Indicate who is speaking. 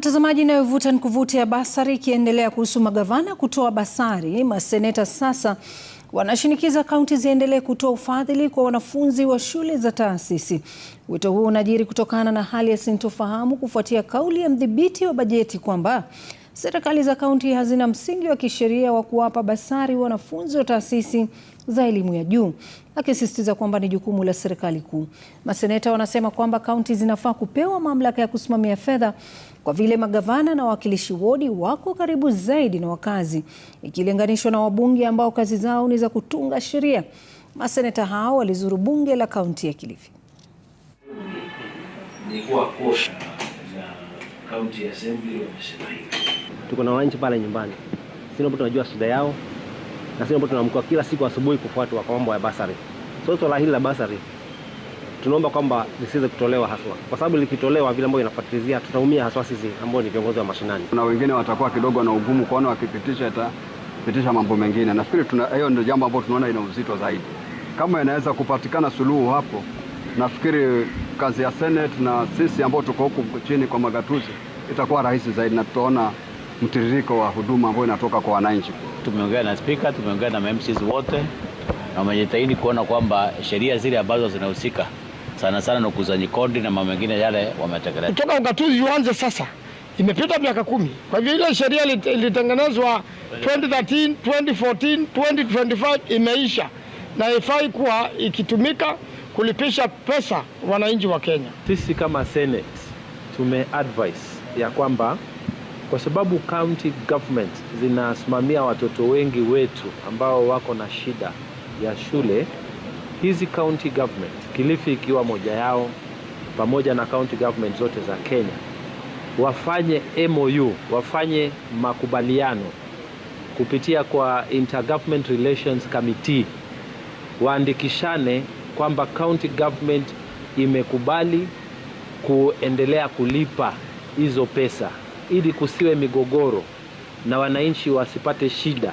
Speaker 1: Mtazamaji, inayovuta ni kuvuti ya basari ikiendelea kuhusu magavana kutoa basari, maseneta sasa wanashinikiza kaunti ziendelee kutoa ufadhili kwa wanafunzi wa shule za taasisi. Wito huo unajiri kutokana na hali ya sintofahamu kufuatia kauli ya mdhibiti wa bajeti kwamba serikali za kaunti hazina msingi wa kisheria wa kuwapa basari wanafunzi wa taasisi za elimu ya juu, akisisitiza kwamba ni jukumu la serikali kuu. Maseneta wanasema kwamba kaunti zinafaa kupewa mamlaka ya kusimamia fedha kwa vile magavana na wawakilishi wodi wako karibu zaidi na wakazi ikilinganishwa na wabunge ambao kazi zao ni za kutunga sheria. Maseneta hao walizuru bunge la kaunti ya Kilifi.
Speaker 2: County Assembly wamesema hivi.
Speaker 3: Tuko na wananchi pale nyumbani, sisi tunajua shida yao na sisi tunaamka kila siku asubuhi kufuatwa kwa mambo ya basari. So swala hili la basari tunaomba kwamba lisiweze kutolewa haswa, kwa sababu likitolewa vile ambavyo inafuatilizia tutaumia haswa sisi ambao ni viongozi wa mashinani,
Speaker 4: na wengine watakuwa kidogo na ugumu kuona wakipitisha hata pitisha mambo mengine. Nafikiri hiyo ndio jambo ambalo tunaona ina uzito zaidi. Kama inaweza kupatikana suluhu hapo, nafikiri kazi ya Senate na sisi ambao tuko huku chini kwa magatuzi itakuwa rahisi zaidi, na tutaona mtiririko wa huduma ambayo inatoka kwa wananchi.
Speaker 5: Tumeongea na spika, tumeongea na MCs wote, na wamejitahidi kuona kwamba sheria zile ambazo zinahusika sana sana na ukusanyi kodi na mambo mengine yale wametekeleza.
Speaker 6: Kutoka ugatuzi uanze sasa, imepita miaka kumi. Kwa hivyo ile sheria ilitengenezwa 2013, 2014, 2025 imeisha na ifai kuwa ikitumika kulipisha pesa wananchi wa Kenya.
Speaker 7: Sisi kama Senate tume tumeadvise ya kwamba kwa sababu county government zinasimamia watoto wengi wetu ambao wako na shida ya shule, hizi county government, Kilifi ikiwa moja yao, pamoja na county government zote za Kenya, wafanye MOU, wafanye makubaliano kupitia kwa Intergovernment Relations Committee, waandikishane kwamba county government imekubali kuendelea kulipa hizo pesa ili kusiwe migogoro na wananchi wasipate shida.